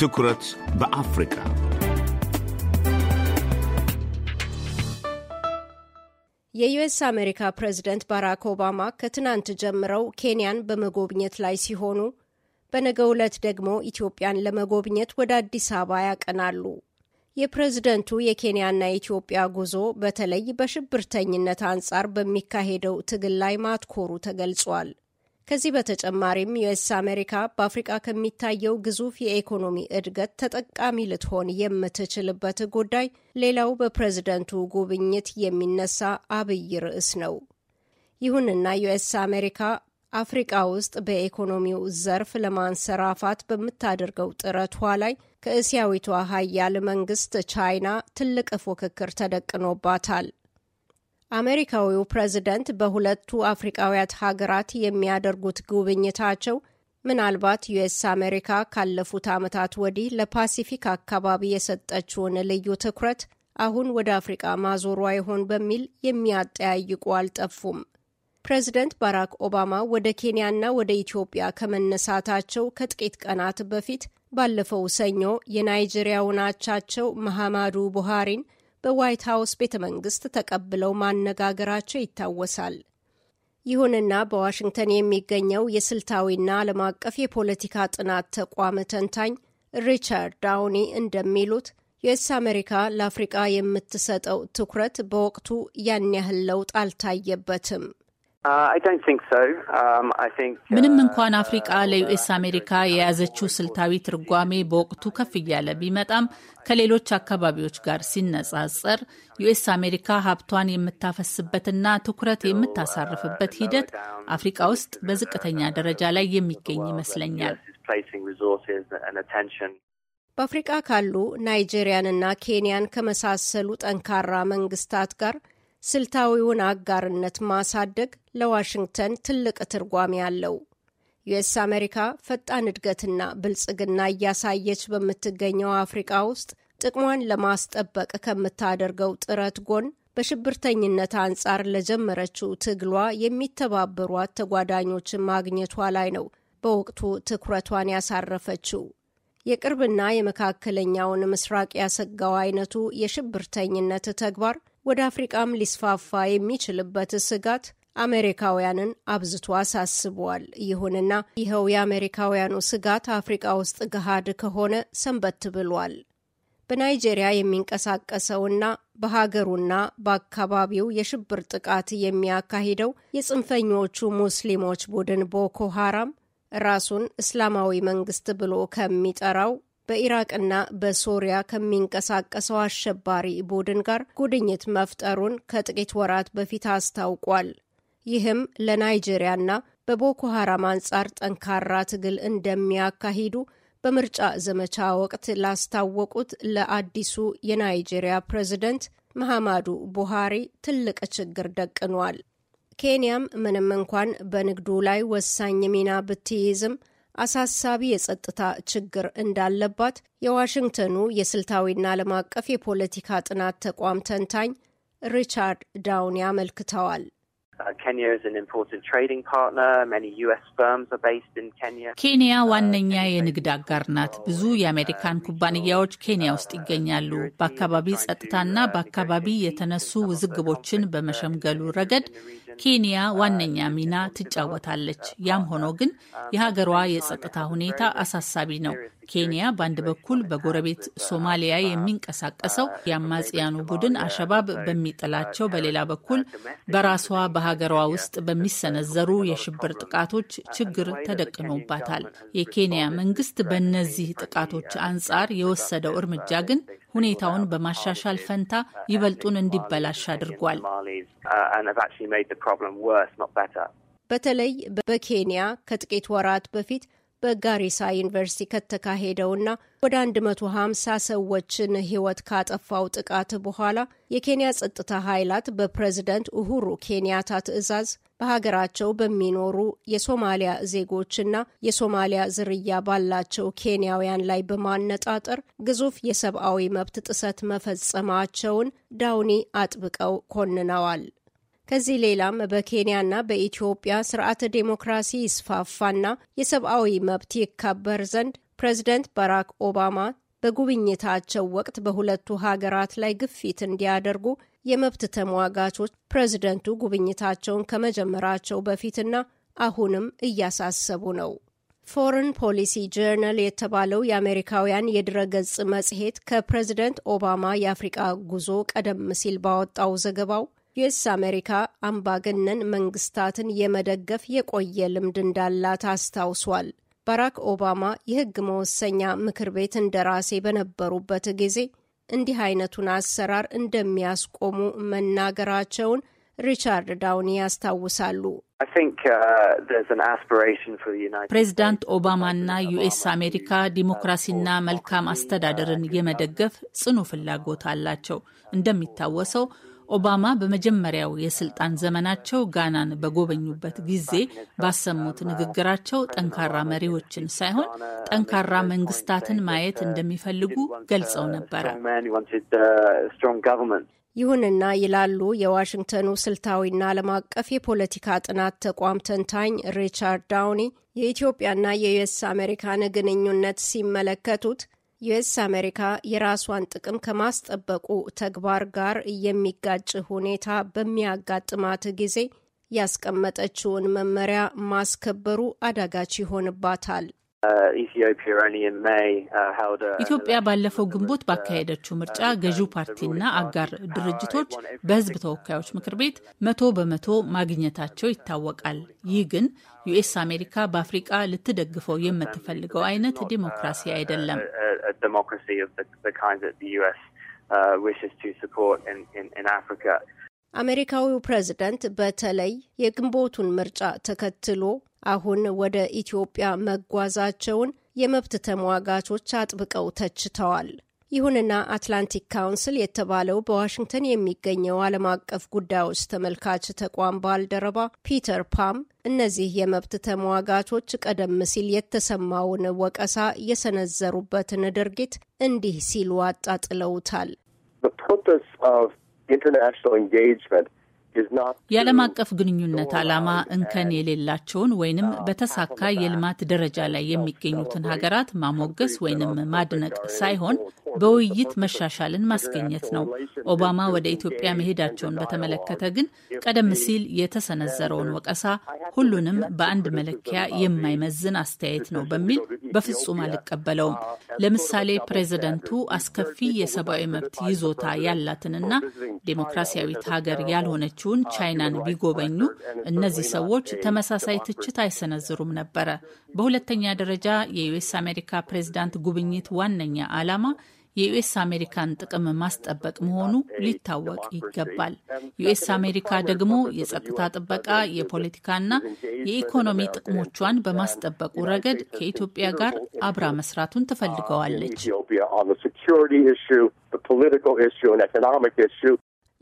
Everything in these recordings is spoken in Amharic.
ትኩረት በአፍሪካ የዩኤስ አሜሪካ ፕሬዝደንት ባራክ ኦባማ ከትናንት ጀምረው ኬንያን በመጎብኘት ላይ ሲሆኑ በነገ ዕለት ደግሞ ኢትዮጵያን ለመጎብኘት ወደ አዲስ አበባ ያቀናሉ። የፕሬዝደንቱ የኬንያና የኢትዮጵያ ጉዞ በተለይ በሽብርተኝነት አንጻር በሚካሄደው ትግል ላይ ማትኮሩ ተገልጿል። ከዚህ በተጨማሪም ዩኤስ አሜሪካ በአፍሪቃ ከሚታየው ግዙፍ የኢኮኖሚ እድገት ተጠቃሚ ልትሆን የምትችልበት ጉዳይ ሌላው በፕሬዝደንቱ ጉብኝት የሚነሳ አብይ ርዕስ ነው። ይሁንና ዩኤስ አሜሪካ አፍሪቃ ውስጥ በኢኮኖሚው ዘርፍ ለማንሰራፋት በምታደርገው ጥረቷ ላይ ከእስያዊቷ ሀያል መንግስት ቻይና ትልቅ ፉክክር ተደቅኖባታል። አሜሪካዊው ፕሬዝደንት በሁለቱ አፍሪቃውያት ሀገራት የሚያደርጉት ጉብኝታቸው ምናልባት ዩኤስ አሜሪካ ካለፉት ዓመታት ወዲህ ለፓሲፊክ አካባቢ የሰጠችውን ልዩ ትኩረት አሁን ወደ አፍሪቃ ማዞሯ ይሆን በሚል የሚያጠያይቁ አልጠፉም። ፕሬዝደንት ባራክ ኦባማ ወደ ኬንያና ወደ ኢትዮጵያ ከመነሳታቸው ከጥቂት ቀናት በፊት ባለፈው ሰኞ የናይጄሪያውን አቻቸው መሐማዱ ቡሃሪን በዋይት ሀውስ ቤተ መንግስት ተቀብለው ማነጋገራቸው ይታወሳል። ይሁንና በዋሽንግተን የሚገኘው የስልታዊና ዓለም አቀፍ የፖለቲካ ጥናት ተቋም ተንታኝ ሪቻርድ ዳውኒ እንደሚሉት ዩኤስ አሜሪካ ለአፍሪቃ የምትሰጠው ትኩረት በወቅቱ ያን ያህል ለውጥ አልታየበትም። Uh, um, uh, ምንም እንኳን አፍሪቃ ለዩኤስ አሜሪካ የያዘችው ስልታዊ ትርጓሜ በወቅቱ ከፍ እያለ ቢመጣም ከሌሎች አካባቢዎች ጋር ሲነጻጸር ዩኤስ አሜሪካ ሀብቷን የምታፈስበትና ትኩረት የምታሳርፍበት ሂደት አፍሪቃ ውስጥ በዝቅተኛ ደረጃ ላይ የሚገኝ ይመስለኛል። በአፍሪቃ ካሉ ናይጄሪያንና ኬንያን ከመሳሰሉ ጠንካራ መንግስታት ጋር ስልታዊውን አጋርነት ማሳደግ ለዋሽንግተን ትልቅ ትርጓሜ አለው። ዩኤስ አሜሪካ ፈጣን እድገትና ብልጽግና እያሳየች በምትገኘው አፍሪቃ ውስጥ ጥቅሟን ለማስጠበቅ ከምታደርገው ጥረት ጎን በሽብርተኝነት አንጻር ለጀመረችው ትግሏ የሚተባበሯት ተጓዳኞችን ማግኘቷ ላይ ነው በወቅቱ ትኩረቷን ያሳረፈችው። የቅርብና የመካከለኛውን ምስራቅ ያሰጋው አይነቱ የሽብርተኝነት ተግባር ወደ አፍሪቃም ሊስፋፋ የሚችልበት ስጋት አሜሪካውያንን አብዝቶ አሳስቧል። ይሁንና ይኸው የአሜሪካውያኑ ስጋት አፍሪቃ ውስጥ ገሃድ ከሆነ ሰንበት ብሏል። በናይጄሪያ የሚንቀሳቀሰውና በሀገሩና በአካባቢው የሽብር ጥቃት የሚያካሂደው የጽንፈኞቹ ሙስሊሞች ቡድን ቦኮ ሃራም ራሱን እስላማዊ መንግስት ብሎ ከሚጠራው በኢራቅና በሶሪያ ከሚንቀሳቀሰው አሸባሪ ቡድን ጋር ጉድኝት መፍጠሩን ከጥቂት ወራት በፊት አስታውቋል። ይህም ለናይጄሪያና በቦኮ ሀራም አንጻር ጠንካራ ትግል እንደሚያካሂዱ በምርጫ ዘመቻ ወቅት ላስታወቁት ለአዲሱ የናይጄሪያ ፕሬዝደንት መሐማዱ ቡሃሪ ትልቅ ችግር ደቅኗል። ኬንያም ምንም እንኳን በንግዱ ላይ ወሳኝ ሚና ብትይዝም አሳሳቢ የጸጥታ ችግር እንዳለባት የዋሽንግተኑ የስልታዊና ዓለም አቀፍ የፖለቲካ ጥናት ተቋም ተንታኝ ሪቻርድ ዳውን ያመልክተዋል። Uh, ኬንያ uh, ዋነኛ የንግድ አጋር ናት። ብዙ የአሜሪካን ኩባንያዎች uh, ኬንያ ውስጥ ይገኛሉ። በአካባቢ ጸጥታና በአካባቢ የተነሱ ውዝግቦችን በመሸምገሉ ረገድ ኬንያ ዋነኛ ሚና ትጫወታለች። ያም ሆኖ ግን የሀገሯ የጸጥታ ሁኔታ አሳሳቢ ነው። ኬንያ በአንድ በኩል በጎረቤት ሶማሊያ የሚንቀሳቀሰው የአማጽያኑ ቡድን አሸባብ በሚጥላቸው፣ በሌላ በኩል በራሷ በሀገሯ ውስጥ በሚሰነዘሩ የሽብር ጥቃቶች ችግር ተደቅኖባታል። የኬንያ መንግስት በእነዚህ ጥቃቶች አንጻር የወሰደው እርምጃ ግን ሁኔታውን በማሻሻል ፈንታ ይበልጡን እንዲበላሽ አድርጓል። በተለይ በኬንያ ከጥቂት ወራት በፊት በጋሪሳ ዩኒቨርሲቲ ከተካሄደውና ወደ 150 ሰዎችን ሕይወት ካጠፋው ጥቃት በኋላ የኬንያ ጸጥታ ኃይላት በፕሬዝደንት ኡሁሩ ኬንያታ ትዕዛዝ በሀገራቸው በሚኖሩ የሶማሊያ ዜጎችና የሶማሊያ ዝርያ ባላቸው ኬንያውያን ላይ በማነጣጠር ግዙፍ የሰብአዊ መብት ጥሰት መፈጸማቸውን ዳውኒ አጥብቀው ኮንነዋል። ከዚህ ሌላም በኬንያና በኢትዮጵያ ስርዓተ ዴሞክራሲ ይስፋፋና የሰብአዊ መብት ይከበር ዘንድ ፕሬዝደንት ባራክ ኦባማ በጉብኝታቸው ወቅት በሁለቱ ሀገራት ላይ ግፊት እንዲያደርጉ የመብት ተሟጋቾች ፕሬዝደንቱ ጉብኝታቸውን ከመጀመራቸው በፊትና አሁንም እያሳሰቡ ነው። ፎሬን ፖሊሲ ጀርናል የተባለው የአሜሪካውያን የድረገጽ መጽሔት ከፕሬዝደንት ኦባማ የአፍሪቃ ጉዞ ቀደም ሲል ባወጣው ዘገባው ዩኤስ አሜሪካ አምባገነን መንግስታትን የመደገፍ የቆየ ልምድ እንዳላት አስታውሷል። ባራክ ኦባማ የህግ መወሰኛ ምክር ቤት እንደራሴ በነበሩበት ጊዜ እንዲህ አይነቱን አሰራር እንደሚያስቆሙ መናገራቸውን ሪቻርድ ዳውኒ ያስታውሳሉ። ፕሬዚዳንት ኦባማና ዩኤስ አሜሪካ ዲሞክራሲና መልካም አስተዳደርን የመደገፍ ጽኑ ፍላጎት አላቸው። እንደሚታወሰው ኦባማ በመጀመሪያው የስልጣን ዘመናቸው ጋናን በጎበኙበት ጊዜ ባሰሙት ንግግራቸው ጠንካራ መሪዎችን ሳይሆን ጠንካራ መንግስታትን ማየት እንደሚፈልጉ ገልጸው ነበረ። ይሁንና ይላሉ የዋሽንግተኑ ስልታዊና ዓለም አቀፍ የፖለቲካ ጥናት ተቋም ተንታኝ ሪቻርድ ዳውኒ የኢትዮጵያና የዩኤስ አሜሪካን ግንኙነት ሲመለከቱት ዩኤስ አሜሪካ የራሷን ጥቅም ከማስጠበቁ ተግባር ጋር የሚጋጭ ሁኔታ በሚያጋጥማት ጊዜ ያስቀመጠችውን መመሪያ ማስከበሩ አዳጋች ይሆንባታል። Uh, uh, ኢትዮጵያ ባለፈው ግንቦት uh, ባካሄደችው ምርጫ ገዢው ፓርቲና አጋር ድርጅቶች በሕዝብ ተወካዮች ምክር ቤት መቶ በመቶ ማግኘታቸው ይታወቃል። ይህ ግን ዩኤስ አሜሪካ በአፍሪቃ ልትደግፈው የምትፈልገው አይነት ዲሞክራሲ አይደለም። አሜሪካዊው ፕሬዝደንት በተለይ የግንቦቱን ምርጫ ተከትሎ አሁን ወደ ኢትዮጵያ መጓዛቸውን የመብት ተሟጋቾች አጥብቀው ተችተዋል። ይሁንና አትላንቲክ ካውንስል የተባለው በዋሽንግተን የሚገኘው ዓለም አቀፍ ጉዳዮች ተመልካች ተቋም ባልደረባ ፒተር ፓም እነዚህ የመብት ተሟጋቾች ቀደም ሲል የተሰማውን ወቀሳ የሰነዘሩበትን ድርጊት እንዲህ ሲሉ አጣጥለውታል። international engagement የዓለም አቀፍ ግንኙነት ዓላማ እንከን የሌላቸውን ወይንም በተሳካ የልማት ደረጃ ላይ የሚገኙትን ሀገራት ማሞገስ ወይንም ማድነቅ ሳይሆን በውይይት መሻሻልን ማስገኘት ነው። ኦባማ ወደ ኢትዮጵያ መሄዳቸውን በተመለከተ ግን ቀደም ሲል የተሰነዘረውን ወቀሳ ሁሉንም በአንድ መለኪያ የማይመዝን አስተያየት ነው በሚል በፍጹም አልቀበለውም። ለምሳሌ ፕሬዝደንቱ አስከፊ የሰብአዊ መብት ይዞታ ያላትንና ዴሞክራሲያዊት ሀገር ያልሆነችው ሌሎቹን uh, ቻይናን ቢጎበኙ እነዚህ ሰዎች ተመሳሳይ ትችት አይሰነዝሩም ነበረ። በሁለተኛ ደረጃ የዩኤስ አሜሪካ ፕሬዝዳንት ጉብኝት ዋነኛ ዓላማ የዩኤስ አሜሪካን ጥቅም ማስጠበቅ መሆኑ ሊታወቅ ይገባል። ዩኤስ አሜሪካ ደግሞ የጸጥታ ጥበቃ፣ የፖለቲካና የኢኮኖሚ ጥቅሞቿን በማስጠበቁ ረገድ ከኢትዮጵያ ጋር አብራ መስራቱን uh, ትፈልገዋለች።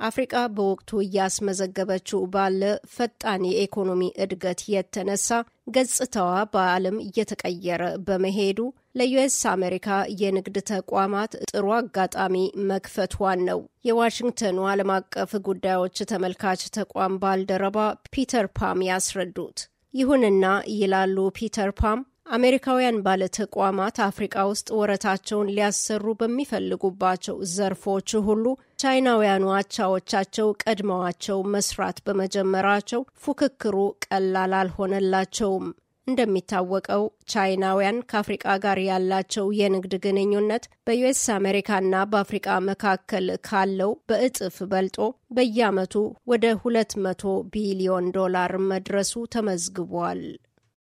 አፍሪቃ በወቅቱ እያስመዘገበችው ባለ ፈጣን የኢኮኖሚ እድገት የተነሳ ገጽታዋ በዓለም እየተቀየረ በመሄዱ ለዩኤስ አሜሪካ የንግድ ተቋማት ጥሩ አጋጣሚ መክፈቷን ነው የዋሽንግተኑ ዓለም አቀፍ ጉዳዮች ተመልካች ተቋም ባልደረባ ፒተር ፓም ያስረዱት። ይሁንና ይላሉ ፒተር ፓም አሜሪካውያን ባለተቋማት አፍሪቃ ውስጥ ወረታቸውን ሊያሰሩ በሚፈልጉባቸው ዘርፎች ሁሉ ቻይናውያኑ አቻዎቻቸው ቀድመዋቸው መስራት በመጀመራቸው ፉክክሩ ቀላል አልሆነላቸውም። እንደሚታወቀው ቻይናውያን ከአፍሪቃ ጋር ያላቸው የንግድ ግንኙነት በዩኤስ አሜሪካና በአፍሪቃ መካከል ካለው በእጥፍ በልጦ በየዓመቱ ወደ 200 ቢሊዮን ዶላር መድረሱ ተመዝግቧል።